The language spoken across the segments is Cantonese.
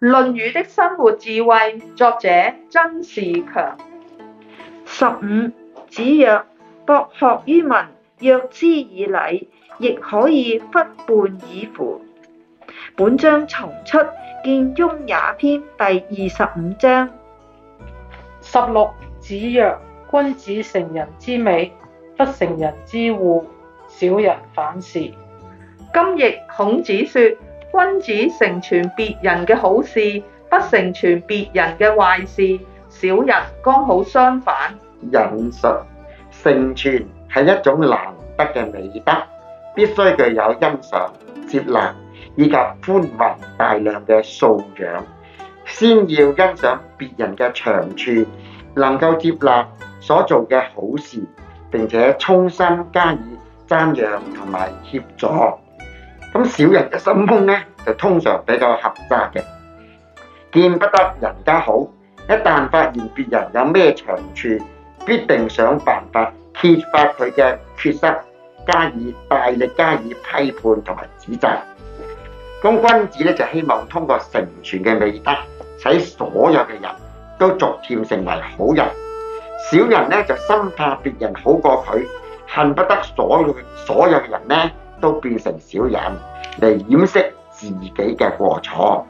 《論語》的生活智慧，作者曾仕強。強十五，子曰：博學於文，約之以禮，亦可以弗畔矣乎。本章重出，見《雍也》篇第二十五章。十六，子曰：君子成人之美，不成人之惡。小人反是。今亦孔子說。君子成全別人嘅好事，不成全別人嘅壞事。小人剛好相反。仁術，成全係一種難得嘅美德，必須具有欣賞、接納以及寬宏大量嘅素養，先要欣賞別人嘅長處，能夠接納所做嘅好事，並且衷心加以讚揚同埋協助。咁小人嘅心胸咧，就通常比較狹窄嘅，見不得人家好。一旦發現別人有咩長處，必定想辦法揭發佢嘅缺失，加以大力加以批判同埋指責。咁君子咧，就希望通過成全嘅美德，使所有嘅人都逐漸成為好人。小人咧，就生怕別人好過佢，恨不得所有所有嘅人咧。都變成小人嚟掩飾自己嘅過錯，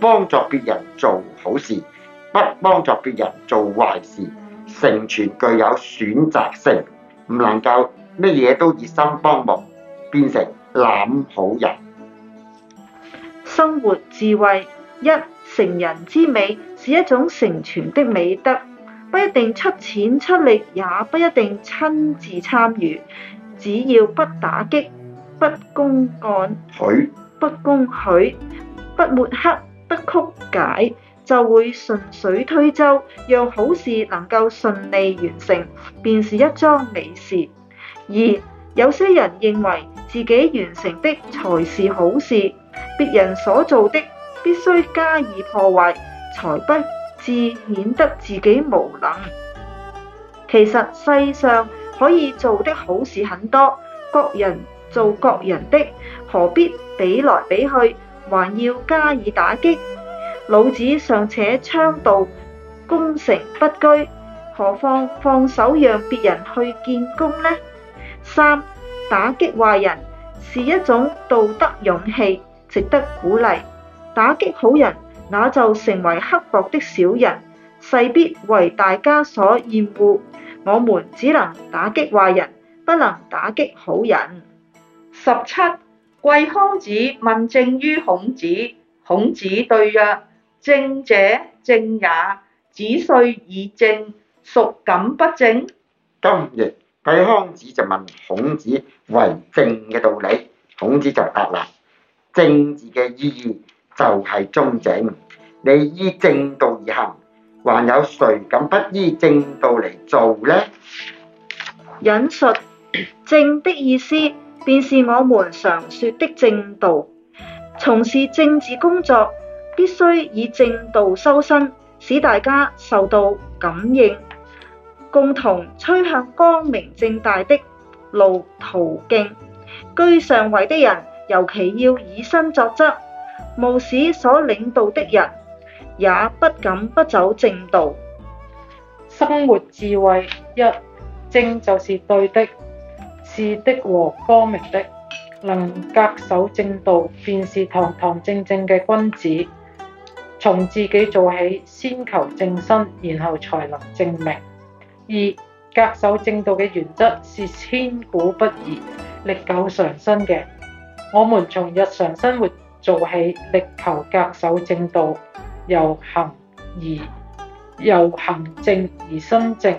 幫助別人做好事，不幫助別人做壞事。成全具有選擇性，唔能夠乜嘢都熱心幫忙，變成濫好人。生活智慧一：成人之美是一種成全的美德，不一定出錢出力，也不一定親自參與，只要不打擊。不公幹，許不公許，不抹黑，不曲解，就會順水推舟，讓好事能夠順利完成，便是一樁美事。而有些人認為自己完成的才是好事，別人所做的必須加以破壞，才不至顯得自己無能。其實世上可以做的好事很多，各人，做各人的，何必比來比去，還要加以打擊？老子尚且倡導功成不居，何況放手讓別人去建功呢？三，打擊壞人，是一種道德勇氣，值得鼓勵；打擊好人，那就成為刻薄的小人，勢必為大家所厭惡。我們只能打擊壞人，不能打擊好人。十七，季康子問政於孔子。孔子對曰：政者，正也。子帥以正，孰敢不正？今日季康子就問孔子為政嘅道理，孔子就答啦：政治嘅意義就係中正，你依正道而行，還有誰敢不依正道嚟做呢？引述正的意思。便是我們常說的正道。從事政治工作，必須以正道修身，使大家受到感應，共同吹向光明正大的路途徑。居上位的人尤其要以身作則，務使所領導的人也不敢不走正道。生活智慧一，正就是對的。智的和光明的，能恪守正道，便是堂堂正正嘅君子。從自己做起，先求正身，然後才能正明。二，恪守正道嘅原則是千古不移、歷久常新嘅。我們從日常生活做起，力求恪守正道，由行而由行正而心正，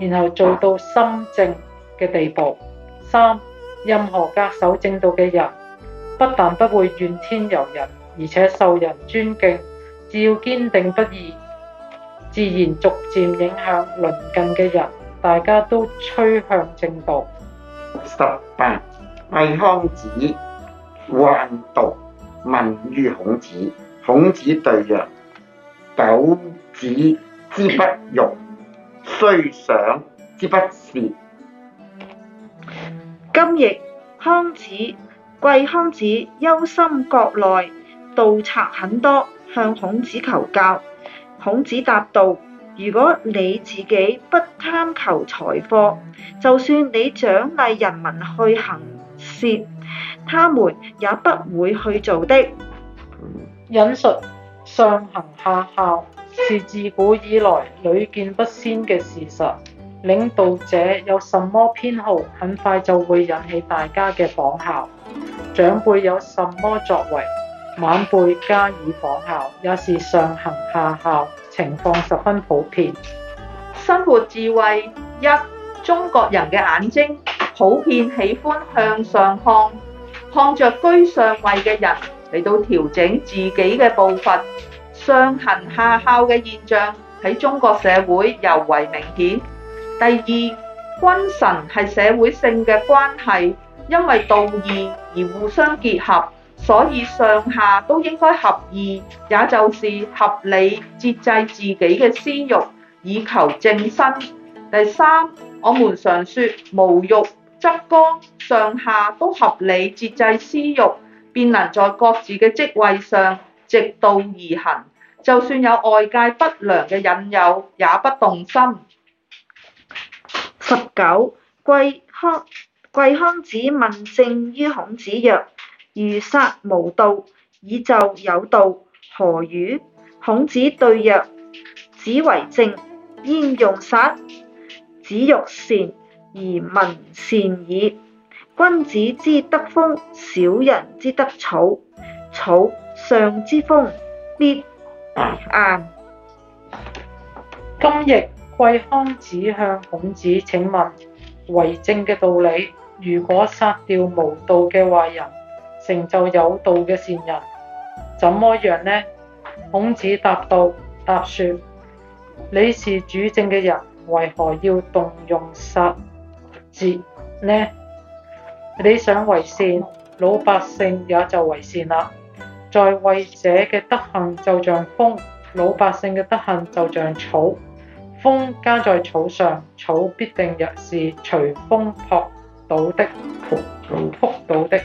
然後做到心正嘅地步。三，任何恪守正道嘅人，不但不會怨天尤人，而且受人尊敬。只要堅定不移，自然逐漸影響鄰近嘅人，大家都趨向正道。十八，季康子患盜，問於孔子。孔子對曰：苟子之不欲，雖賞之不竊。今譯：康子、季康子憂心國內盜賊很多，向孔子求教。孔子答道：如果你自己不貪求財貨，就算你獎勵人民去行竊，他們也不會去做的。引述，上行下效是自古以來屢見不鮮嘅事實。領導者有什麼偏好，很快就會引起大家嘅仿效。長輩有什麼作為，晚輩加以仿效，也是上行下效，情況十分普遍。生活智慧一：中國人嘅眼睛普遍喜歡向上看，看着居上位嘅人嚟到調整自己嘅步伐，上行下效嘅現象喺中國社會尤為明顯。第二，君臣係社會性嘅關係，因為道義而互相結合，所以上下都應該合意，也就是合理節制自己嘅私欲，以求正身。第三，我們常説無欲則剛，上下都合理節制私欲，便能在各自嘅職位上，直道而行，就算有外界不良嘅引誘，也不動心。十九，季康，季康子問政於孔子曰：如殺無道，以就有道，何如？孔子對曰：子為政，焉用殺？子欲善，而民善矣。君子之德風，小人之德草。草上之風，必偃。」今亦。季康子向孔子請問為政嘅道理。如果殺掉無道嘅壞人，成就有道嘅善人，怎麼樣呢？孔子答道：答説，你是主政嘅人，為何要動用殺字呢？你想為善，老百姓也就為善啦。在位者嘅德行就像風，老百姓嘅德行就像草。風加在草上，草必定若是隨風撲倒的、撲倒的。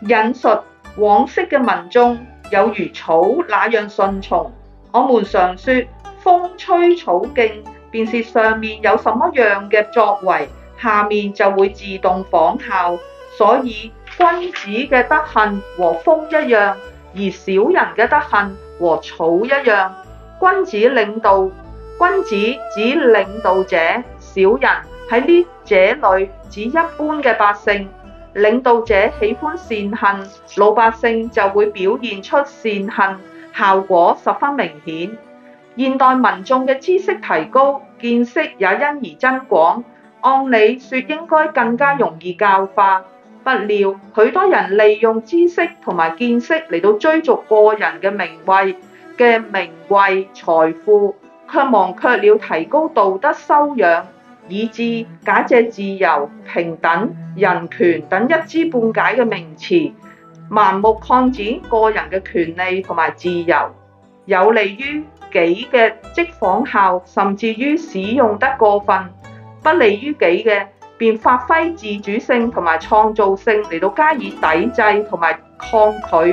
引述往昔嘅民眾有如草那樣順從。我們常說風吹草偃，便是上面有什麼樣嘅作為，下面就會自動仿效。所以君子嘅德行和風一樣，而小人嘅德行和草一樣。君子領導。君子指領導者，小人在這裏指一般嘅百姓。領導者喜歡善恨，老百姓就會表現出善恨，效果十分明顯。現代民眾嘅知識提高，見識也因而增廣。按理說應該更加容易教化，不料許多人利用知識同埋見識嚟到追逐個人嘅名位嘅名位、財富。卻忘卻了提高道德修養，以致假借自由、平等、人權等一知半解嘅名詞，盲目擴展個人嘅權利同埋自由，有利於己嘅即仿效，甚至於使用得過分，不利於己嘅便發揮自主性同埋創造性嚟到加以抵制同埋抗拒，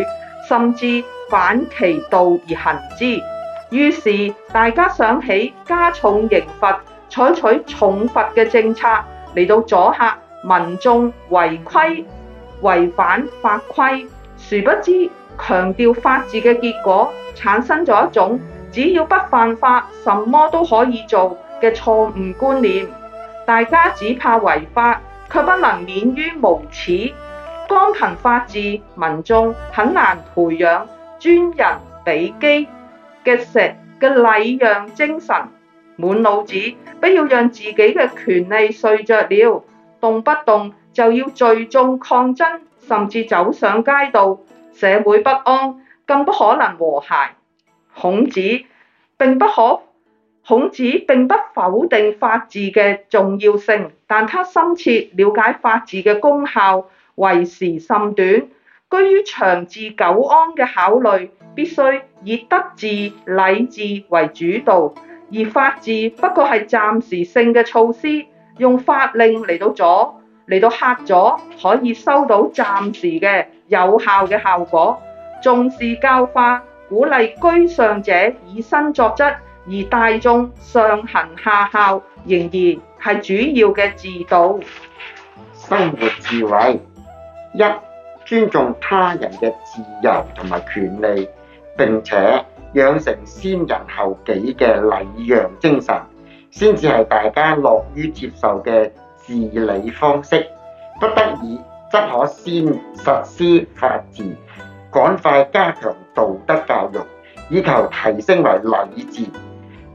甚至反其道而行之。於是大家想起加重刑罰，採取重罰嘅政策嚟到阻嚇民眾違規違反法規。殊不知強調法治嘅結果，產生咗一種只要不犯法，什麼都可以做嘅錯誤觀念。大家只怕違法，卻不能免於無恥。光憑法治，民眾很難培養尊人鄙機。嘅石嘅禮讓精神，滿腦子，不要讓自己嘅權利睡着了，動不動就要聚眾抗爭，甚至走上街道，社會不安，更不可能和諧。孔子並不可，孔子並不否定法治嘅重要性，但他深切了解法治嘅功效，為時甚短。對於長治久安嘅考慮，必須以德治、禮治為主導，而法治不過係暫時性嘅措施，用法令嚟到阻、嚟到嚇咗，可以收到暫時嘅有效嘅效果。重視教化，鼓勵居上者以身作則，而大眾上行下效，仍然係主要嘅治道。生活智慧一。尊重他人嘅自由同埋權利，並且養成先人後己嘅禮讓精神，先至係大家樂於接受嘅治理方式。不得已，則可先實施法治，趕快加強道德教育，以求提升為禮治，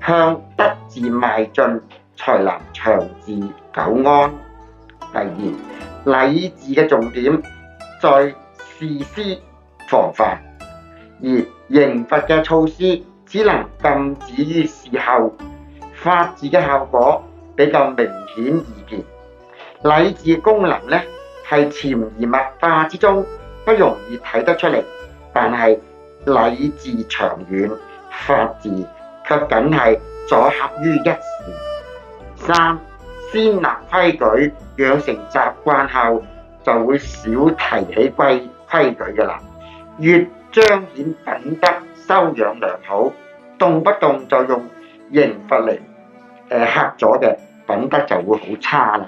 向德治邁進，才能長治久安。第二，禮治嘅重點。再事先防範，而刑罰嘅措施只能禁止於事後，法治嘅效果比較明顯易見，禮治功能呢，係潛移默化之中，不容易睇得出嚟，但係禮治長遠，法治卻僅係阻嚇於一時。三，先立規矩，養成習慣後。就會少提起規規矩嘅啦，越彰顯品德修養良好，動不動就用刑罰嚟誒吓咗嘅品德就會好差啦。